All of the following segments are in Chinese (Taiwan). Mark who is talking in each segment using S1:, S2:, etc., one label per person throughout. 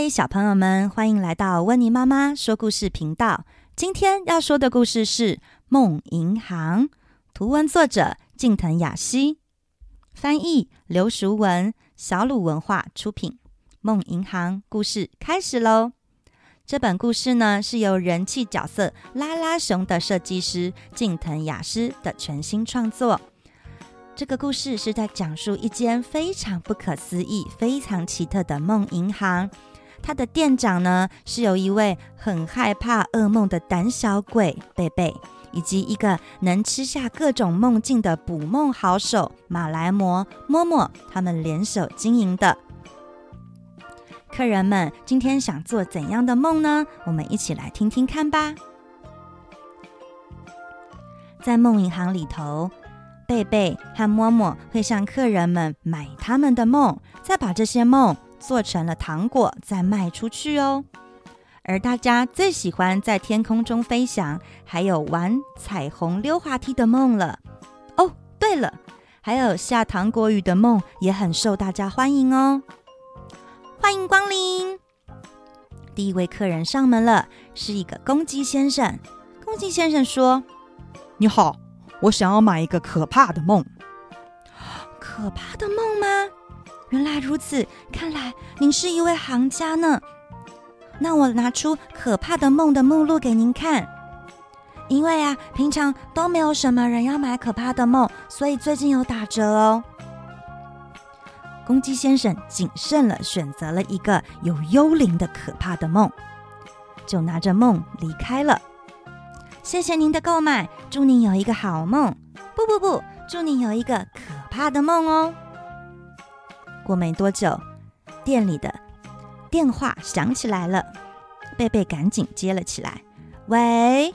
S1: 嗨，小朋友們，歡迎來到溫妮媽媽說故事頻道。今天要說的故事是《夢銀行》，圖文作者近藤雅希，翻譯劉淑雯，小魯文化出品。夢銀行故事開始嘍！這本故事呢是由人氣角色拉拉熊的設計師近藤雅詩的全新創作。這個故事是在講述一間非常不可思議、非常奇特的夢銀行。他的店長呢，是由一位很害怕噩夢的膽小鬼貝貝，以及一個能吃下各種夢境的捕夢好手馬來貘貘貘，他們聯手經營的。客人們今天想做怎樣的夢呢？我們一起來聽聽看吧。在夢銀行裡頭，貝貝和貘貘會向客人們買他們的夢，再把這些夢做成了糖果再賣出去哦，而大家最喜歡在天空中飛翔，還有玩彩虹溜滑梯的夢了。哦，對了，還有下糖果雨的夢也很受大家歡迎哦。歡迎光臨。第一位客人上門了，是一個公雞先生。公雞先生說：“你好，我想要買一個可怕的夢。”可怕的夢嗎？原來如此，看來您是一位行家呢。那我拿出《可怕的夢》的目錄給您看，因為啊，平常都沒有什麼人要買《可怕的夢》，所以最近有打折哦。公雞先生謹慎地選擇了一個有幽靈的可怕的夢，就拿着夢離開了。謝謝您的購買，祝您有一個好夢。不不不，祝您有一個可怕的夢哦。過沒多久，店裡的電話響起來了，貝貝趕緊接了起來。喂，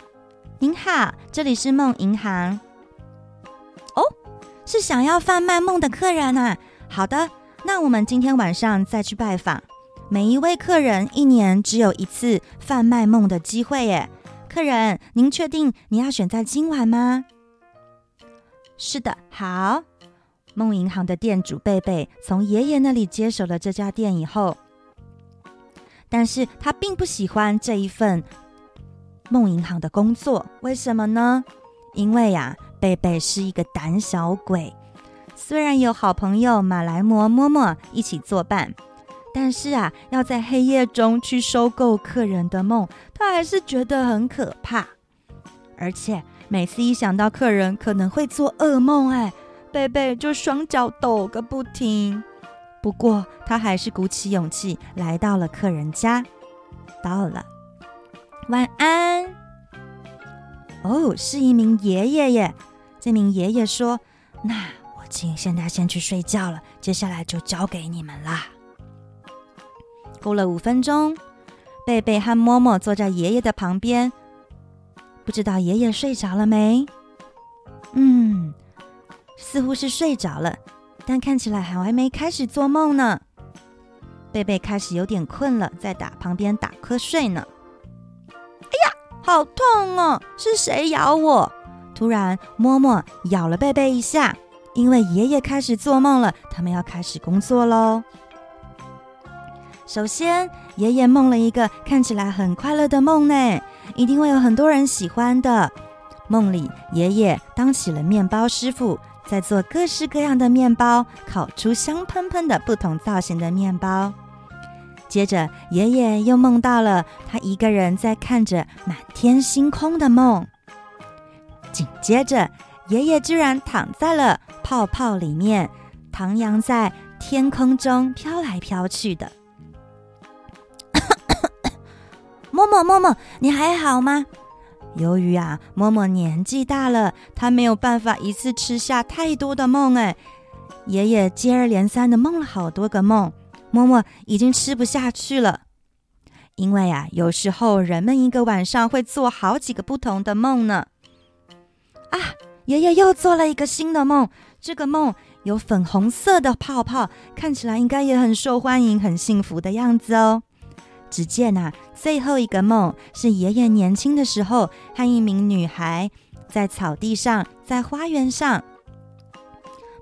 S1: 您好，這裡是夢銀行。哦，是想要販賣夢的客人啊。好的，那我們今天晚上再去拜訪。每一位客人一年只有一次販賣夢的機會耶。客人，您確定你要選在今晚嗎？是的，好。夢銀行的店主貝貝從爺爺那裡接手了這家店以後，但是他並不喜歡這一份夢銀行的工作。為什麼呢？因為呀、啊，貝貝是一個膽小鬼。雖然有好朋友馬來貘貘貘一起作伴，但是啊，要在黑夜中去收購客人的夢，他還是覺得很可怕。而且每次一想到客人可能會做噩夢、欸，哎。貝貝就雙腳抖個不停，不過他還是鼓起勇氣來到了客人家。到了，晚安。哦，是一名爺爺耶。這名爺爺說：“那我請現在先去睡覺了，接下來就交給你們啦。”過了五分鐘，貝貝和貘貘坐在爺爺的旁邊，不知道爺爺睡着了沒？嗯。似乎是睡着了，但看起來還還沒開始做夢呢。貝貝開始有點困了，在打旁邊打瞌睡呢。哎呀，好痛哦、啊！是誰咬我？突然，貘貘咬了貝貝一下。因為爺爺開始做夢了，他們要開始工作嘍。首先，爺爺夢了一個看起來很快樂的夢呢，一定會有很多人喜歡的。夢裡，爺爺當起了麵包師傅。在做各式各樣的麵包，烤出香噴噴的不同造型的麵包。接着，爺爺又夢到了他一個人在看着滿天星空的夢。緊接着，爺爺居然躺在了泡泡裡面，徜徉在天空中飄來飄去的。貘貘貘貘，你還好嗎？由於啊，貘貘年紀大了，她沒有辦法一次吃下太多的夢。哎，爺爺接二連三的夢了好多個夢，貘貘已經吃不下去了。因為啊，有時候人們一個晚上會做好幾個不同的夢呢。啊，爺爺又做了一個新的夢，這個夢有粉紅色的泡泡，看起來應該也很受歡迎、很幸福的樣子哦。只見啊，最後一個夢是爺爺年輕的時候，和一名女孩在草地上、在花園上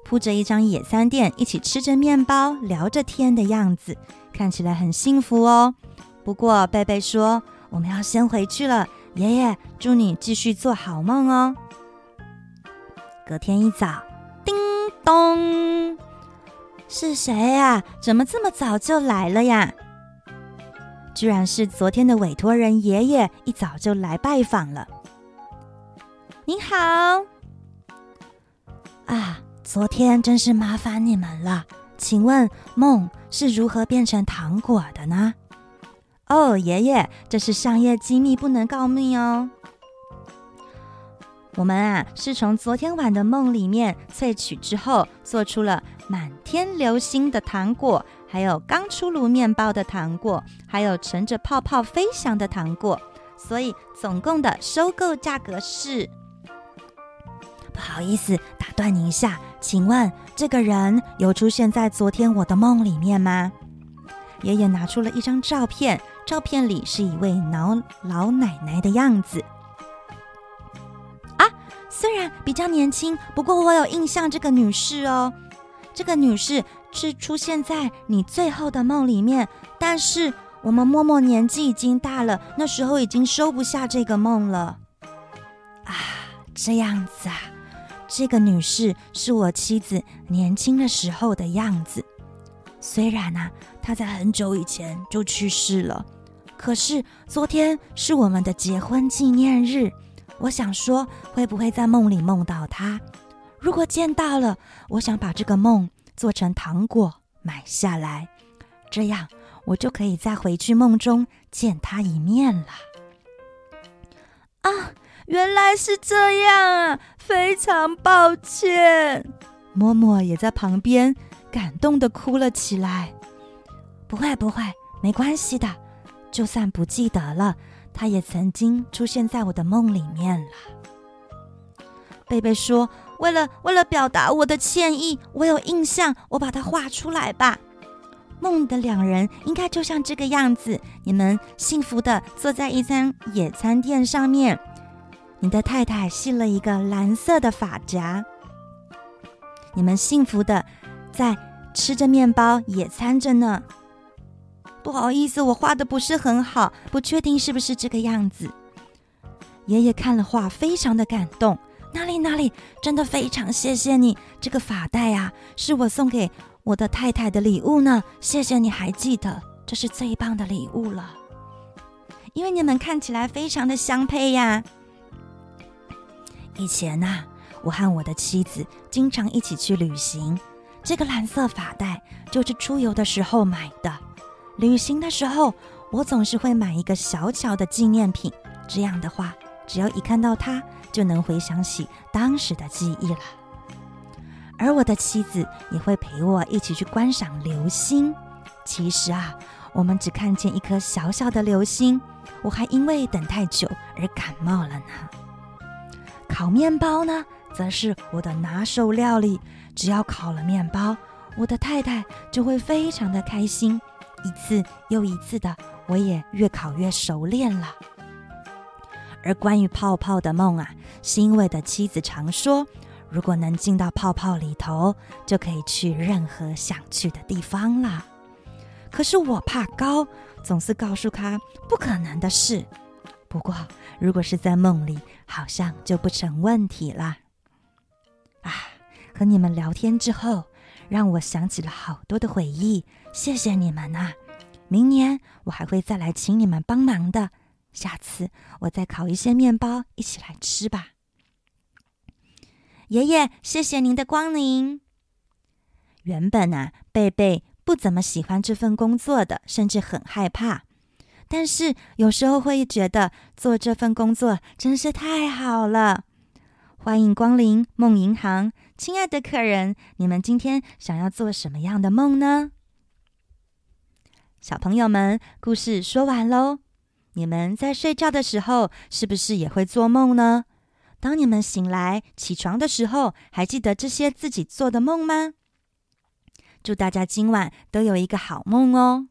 S1: 鋪着一張野餐墊，一起吃着麵包、聊着天的樣子，看起來很幸福哦。不過貝貝說，我們要先回去了。爺爺，祝你繼續做好夢哦。隔天一早，叮咚，是誰呀？啊，怎麼這麼早就來了呀？居然是昨天的委託人爺爺，一早就來拜訪了。您好，啊，昨天真是麻煩你們了。請問夢是如何變成糖果的呢？哦，爺爺，這是商業機密，不能告密哦。我們啊，是從昨天晚的夢裡面萃取之後，做出了滿天流星的糖果，還有剛出爐麵包的糖果，還有乘着泡泡飛翔的糖果。所以，總共的收購價格是。不好意思，打斷你一下，請問這個人有出現在昨天我的夢裡面嗎？爺爺拿出了一張照片，照片裡是一位老老奶奶的樣子。雖然比較年輕，不過我有印象這個女士哦。這個女士是出現在你最後的夢裡面，但是我們貘貘年紀已經大了，那時候已經收不下這個夢了。啊，這樣子啊，這個女士是我妻子年輕的時候的樣子。雖然呢、啊，她在很久以前就去世了，可是昨天是我們的結婚紀念日。我想說，會不會在夢裡夢到她？如果見到了，我想把這個夢做成糖果買下來，這樣我就可以再回去夢中見她一面了。啊，原來是這樣啊！非常抱歉，貘貘也在旁邊感動地哭了起來。不會，不會，沒關係的，就算不記得了。他也曾經出現在我的夢裡面了。貝貝說：“為了為了表達我的歉意，我有印象，我把它畫出來吧。夢的兩人應該就像這個樣子，你們幸福的坐在一張野餐墊上面，你的太太繫了一個藍色的髮夾，你們幸福的在吃着麵包野餐着呢。”不好意思，我畫的不是很好，不確定是不是這個樣子。爺爺看了畫，非常的感動。哪裡哪裡，真的非常謝謝你。這個髮帶啊，是我送給我的太太的禮物呢。謝謝你還記得，這是最棒的禮物了。因為你們看起來非常的相配呀。以前吶，啊，我和我的妻子經常一起去旅行，這個藍色髮帶就是出遊的時候買的。旅行的時候，我總是會買一個小巧的紀念品。這樣的話，只要一看到它，就能回想起當時的記憶了。而我的妻子也會陪我一起去觀賞流星。其實啊，我們只看見一顆小小的流星，我還因為等太久而感冒了呢。烤麵包呢，則是我的拿手料理。只要烤了麵包，我的太太就會非常的開心。一次又一次的，我也越考越熟練了。而關於泡泡的夢啊，是因為的妻子常說，如果能進到泡泡裡頭，就可以去任何想去的地方了。可是我怕高，總是告訴她不可能的事。不過，如果是在夢裡，好像就不成問題啦。啊，和你們聊天之後。讓我想起了好多的回憶，謝謝你們啊！明年我還會再來請你們幫忙的。下次我再烤一些麵包一起來吃吧。爺爺，謝謝您的光臨。原本啊，貝貝不怎麼喜歡這份工作的，甚至很害怕。但是有時候會覺得做這份工作真是太好了。歡迎光臨夢銀行，親愛的客人，你們今天想要做什麼樣的夢呢？小朋友們，故事說完嘍。你們在睡覺的時候，是不是也會做夢呢？當你們醒來，起床的時候，還記得這些自己做的夢嗎？祝大家今晚都有一個好夢哦。